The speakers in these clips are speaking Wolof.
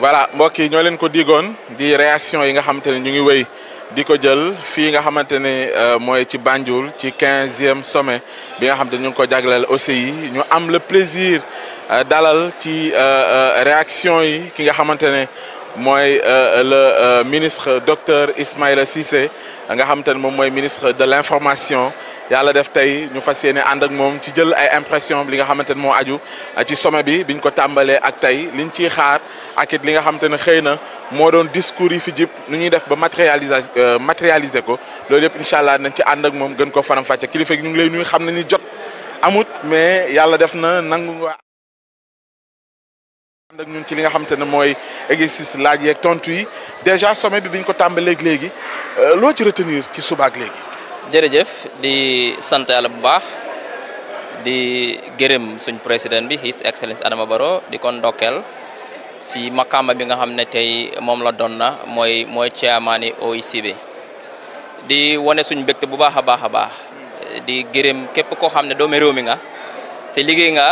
voilà mbokk yi ñoo leen ko digoon di réaction yi nga xamante ne ñu ngi wéy di ko jël fii nga xamante ne euh, mooy ci Banjul ci quinzième sommet bi nga xam ne ñu ngi ko jagleel OCI ñu am le plaisir euh, dalal ci euh, réaction yi ki nga xamante ne mooy le ministre docteur Ismaïla Cissé nga xamante ne moom mooy ministre de l'information yàlla def tey ñu fas yéene ànd ak moom ci jël ay impression li nga xamante ne moo aju uh, ci sommet bi biñ ko tàmbalee ak tey liñ ciy xaar ak li nga xamante ne xëy na moo doon discours yi fi jip nu ñuy def ba matérialiser uh, matérialiser ko loolu yëpp incha allah nañ ci ànd ak moom gën ko faram-fàcce kilifa gi ñu ngi lay nuyu xam na ni jot amut mais yàlla def na nangu nga ànd ak ci li nga xamante ne mooy exercice laaj yeeg tontu yi déjà sommet bi biñ ko tàmbalee léegi uh, loo ci retenir ci subaak léegi. jërëjëf di sant yàlla bu baax di gërëm suñ président bi his excellence Adama Barrow di ko ndokkeel si makaama bi nga xam ne tey moom la doon na mooy mooy chairman OEC bi di wane suñ mbégte bu baax a baax a baax di gërëm képp koo xam ne doomu réew mi nga te liggéey nga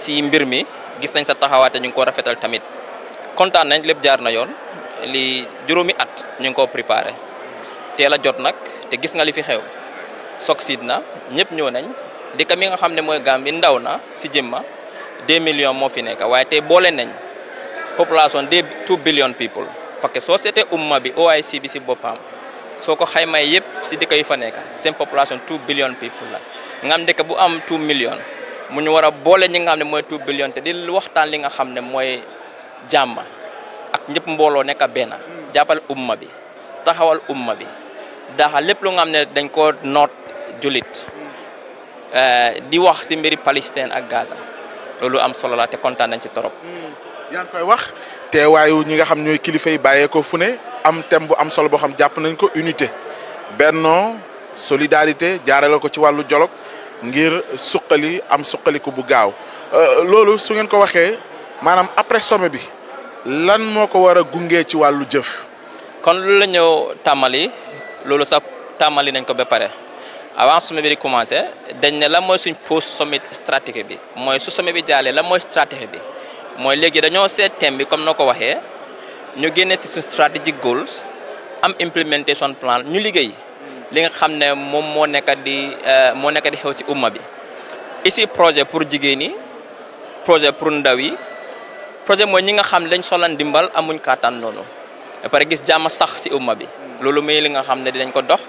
si mbir mi gis nañ sa taxawaate ñu ngi ko rafetal tamit kontaan nañ lépp jaar na yoon li juróomi at ñu ngi ko préparé teel a jot nag te gis nga li fi xew soxid na ñëpp ñëw nañ dëkk mi nga xam ne mooy Gambie ndaw na si jëmma 2 million moo fi nekk waaye tey boole nañ population de 2 billion people parce que seetee umma bi OIC bi si boppam soo ko xayma yëpp si dëkk yu fa nekk seen population 2 billion people la nga am bu am 2 million mu ñu war a boole ñi nga xam ne mooy 2 billion te di waxtaan li nga xam ne mooy jàmma ak ñëpp mbooloo nekk benn jàppal umma bi taxawal umma bi. daaxal lépp lu nga xam ne dañ koo noot jullit eh, di wax si mbiri Palestine ak Gaza loolu am solo la te kontaan nañ ci torop. Hmm. yaa ngi koy wax teewaayu ñi nga xam ñooy kilifa yi bàyyee ko fu ne am thème bu am solo boo xam jàpp nañ ko unité bennoo solidarité jaarale ko ci wàllu dialogue ngir suqali am suqaliku bu gaaw euh, loolu su ngeen ko waxee maanaam après sommet bi lan moo ko war a gungee ci wàllu jëf. kon lu la ñëw loolu sax tàmmali nañ ko ba pare avant sommet bi di commencé dañ ne la mooy suñ pause sommet stratégie bi mooy su sommet bi jaalee la mooy stratégie bi mooy léegi dañoo seet thème bi comme na ko waxee ñu génne si suñ strategic goals am implementation plan ñu liggéey li nga xam ne moom moo nekk di euh, moo nekk di xew si umma bi ici projet pour jigéen yi projet pour ndaw yi projet mooy ñi nga xam lañ soxla ndimbal amuñ kàttan noonu ba pare gis jàmm sax si umma bi loolu may li nga xam ne dinañ ko dox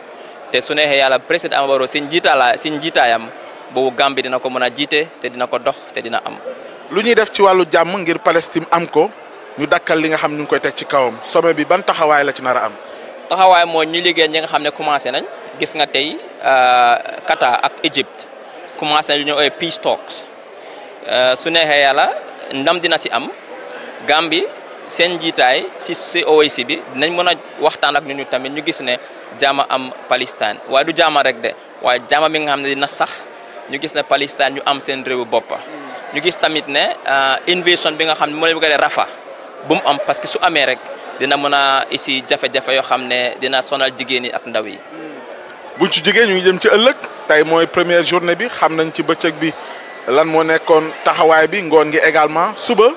te su neexee yàlla président Adama Barrow si njiitaala si njiitaayam boobu Gambie dina ko mën a jiite te dina ko dox te dina am. lu ñuy def ci wàllu jàmm ngir Palestine am ko ñu dakkal li nga xam ñu ngi koy teg ci kawam sommet bi ban taxawaay la ci nar a am. taxawaay mooy ñu liggéey ñi nga xam ne commencé nañ gis nga tey euh, Qatar ak Égypte commencé nañ lu ñuy ooyee peace talks euh, su neexee yàlla ndam dina si am Gambie seen njiitaay si si OIC bi dinañ mën a waxtaan ak ñu tamit ñu gis ne jaama am Palestine waaye du jaama rek de waaye jaama mi nga xam ne dina sax ñu gis ne Palestine ñu am seen réewu boppa ñu gis tamit ne euh, invasion bi nga xam ne mooy leen bëgg a rafa bu mu am parce que su amee rek dina mën a isi jafe-jafe yoo xam ne dina sonal jigéen yi ak ndaw yi. buñ ci jigéen ñu ngi jëm ci ëllëg tey mooy premier journée bi xam nañ ci bëccëg bi lan moo nekkoon taxawaay bi ngoon gi également suba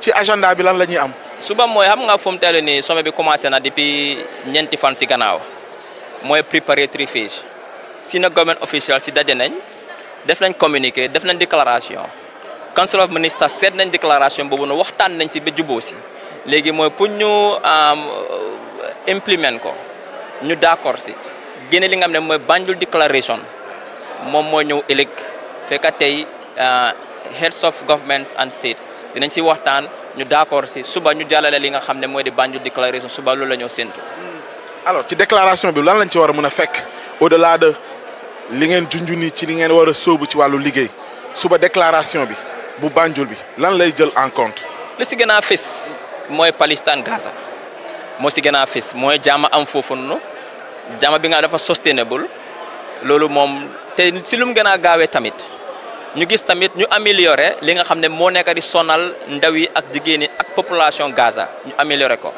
ci agenda bi lan la ñuy am. suba mooy xam nga fu mu toll nii sommet bi commencé na depuis ñeenti fan si gannaaw mooy préparer trifiche si na government official si daje nañ def nañ communiqué def nañ déclaration council of ministers seet nañ déclaration boobu nu waxtaan nañ si ba juboo si léegi mooy pour ñu implement ko ñu d'accord si génne li nga xam ne mooy Banjul déclaration moom mooy ñëw ëllëg fekka tey ah, heads of governments and states dinañ si waxtaan ñu d'accord si suba ñu jàllale li nga xam ne mooy di Banjul déclaration suba loolu la ñoo séntu. Hmm. alors ci déclaration bi lan lañ ci war a mën a fekk au-delà de li ngeen junj nii ci li ngeen war a soobu ci wàllu liggéey suba déclaration bi bu Banjul bi lan lay jël en compte. si gën a fës mooy Palestine Gaza moo si gën a fës mooy jaama am foofu noonu jaama bi nga dafa sustainable loolu moom te si lu gën a gaawee tamit. ñu gis tamit ñu améliorer li nga xam ne moo nekk di sonal ndaw yi ak jigéen yi ak population Gaza ñu améliorer ko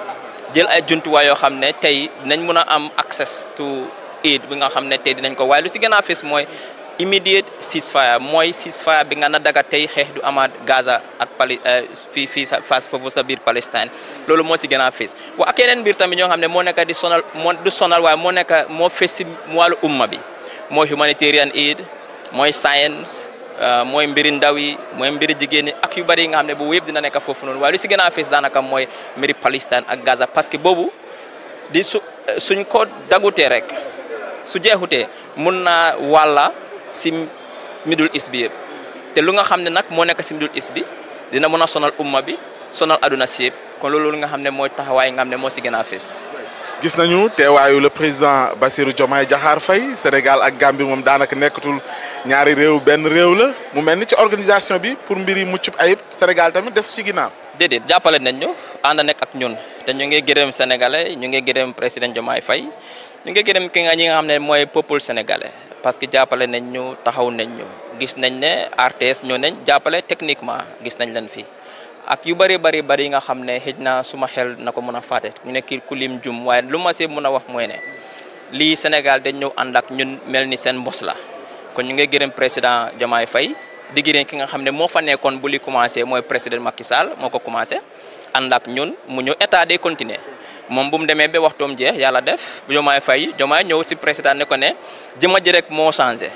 jël ay jumtuwaay yoo xam ne tey dinañ mën a am access to bi nga xam ne tey dinañ ko waaye lu si gën a fës mooy immediate ceasefire mooy ceasefire bi nga na daga tey xeex du amaat Gaza ak pali eh, fii fii sa face foofu sa biir Palestine loolu moo si gën a fës waaw ak yeneen mbir tamit ñoo xam ne moo nekk di sonal moo du sonal waaye moo nekk moo fës si wàllu umma bi mooy humanitarian aid mooy science. Euh, mooy mbiri ndaw yi mooy mbiri jigéen ñi ak yu bëri yi nga xam ne bu wépp dina nekk foofu noonu waaye lu si gën a fees daanaka mooy mbiri Palestine ak Gaza parce que boobu di su suñ ko dagutee rek su jeexutee mun na wàlla si Middle East bi yëpp te lu nga xam ne nag moo nekk si Middle East bi dina mun a sonal umma bi sonal aduna si yëpp lool lu nga xam ne mooy taxawaay nga xam ne moo si gën a fees gis nañu teewaayu le président Bassirou Diomaye Diakhar Faye Sénégal ak Gambie moom daanaka nekkatul ñaari réew benn réew la mu mel ni ci organisation bi pour mbir yi mucc ayib Sénégal tamit des ci ginnaaw. déedéet jàppale nañ ñu ànd nekk ak ñun te ñu ngi gërëm sénégalais ñu ngi gërëm président Diomaye Faye ñu ngi gërëm ki nga ñi nga xam ne mooy peuple sénégalais parce que jàppale nañ ñu taxaw nañ ñu gis nañ ne RTS ñoo nañ jàppale techniquement gis nañ leen fii. ak yu bëri bëri bëri yi nga xam ne xëj na suma xel na ko mën a fàtte ñu ne kii ku lim jum waaye lu ma see mën a wax mooy ne lii Sénégal dañ ñëw ànd ak ñun mel ni seen mbos la kon ñu ngi gërëm président Diomaye fay di gërëm ki nga xam ne moo fa nekkoon bu li commencé mooy président Macky Sall moo ko commencé ànd ak ñun mu ñëw état day continuer moom bu mu demee ba waxtoom jeex yàlla def Diomaye fay Diomaye ñëw si président ne ko ne jëma ji rek moo changé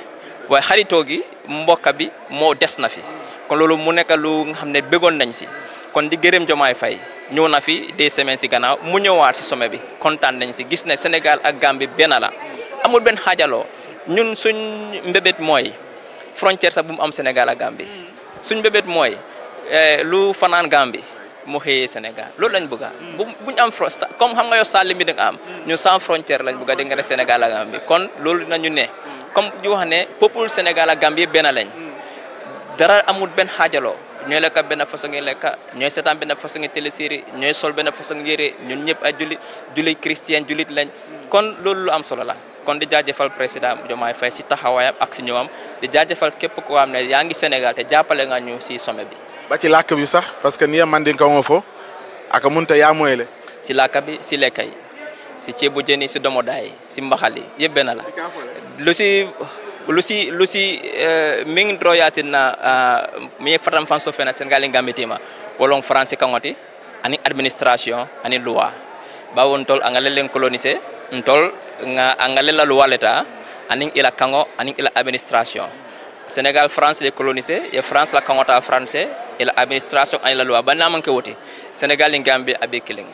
waaye xaritoo gi mbokka bi moo des na fi loolu mu nekk nga xam ne bëggoon nañ si kon di gërëm Jomaay Fay ñëw na fi des semaines si ganaaw mu ñëwaat si some bi kontaan nañ si gis ne Sénégal ak Gambie benn la amul benn xaajaloo ñun suñ mbébét mooy frontière sax bu mu am Sénégal ak Gambie suñ mbébét mooy eh, lu fanaan Gambie mu xëyee Sénégal loolu lañ bëgg a buñ am fro comme xam nga yow sàll mi am ñu sans frontière lañ buga a di nga ne Sénégal ak Gambie kon loolu dinañu ne comme ñu wax ne peuple Sénégal ak Gambie benn lañ dara amul benn xaajaloo ñooy lekk benn façon ngi lekka ñooy seetaan benn façon ngi télésérie ñooy sol benn façon yére ñun ñëpp ay jullit jullit chrétien jullit lañ kon loolu lu am solo la kon di jaajëfal président Diomaye Faye si taxawaayam ak si ñëwam di fal képp koo xam ne yaa ngi Sénégal te jàppale nga ñu si sommet bi ba ci làkk bi sax parce que ni a mandinka ŋo fo aka munta yaa moyle si làkk bi si lekk yi si ceebu jën yi si domodaa yi si mbaxal yi yëpp benn la lusi lusi uh, eh, min droyatinna uh, mi eh, fatam fan so fena senegal gambetima wolon france kangoti ani administration ani loi bawon tol angalelen coloniser ntol nga angalela loi leta ani ila kango ani ila administration senegal france le coloniser e france la kangota français ila administration ani la loi banam woti senegal ngambe abe killing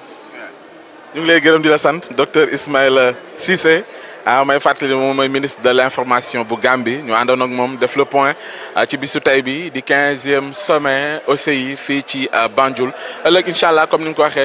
ñu ngi lay gërëm sant docteur Ismaïla Cissé ah may fàttali moom mooy ministre de l' information bu Gambie ñu àndoon ak moom def le point ah, ci bisu tey bi di quinzième sommet OCI fii ci ah, Banjul ëllëg incha allah comme ni nga ko waxee.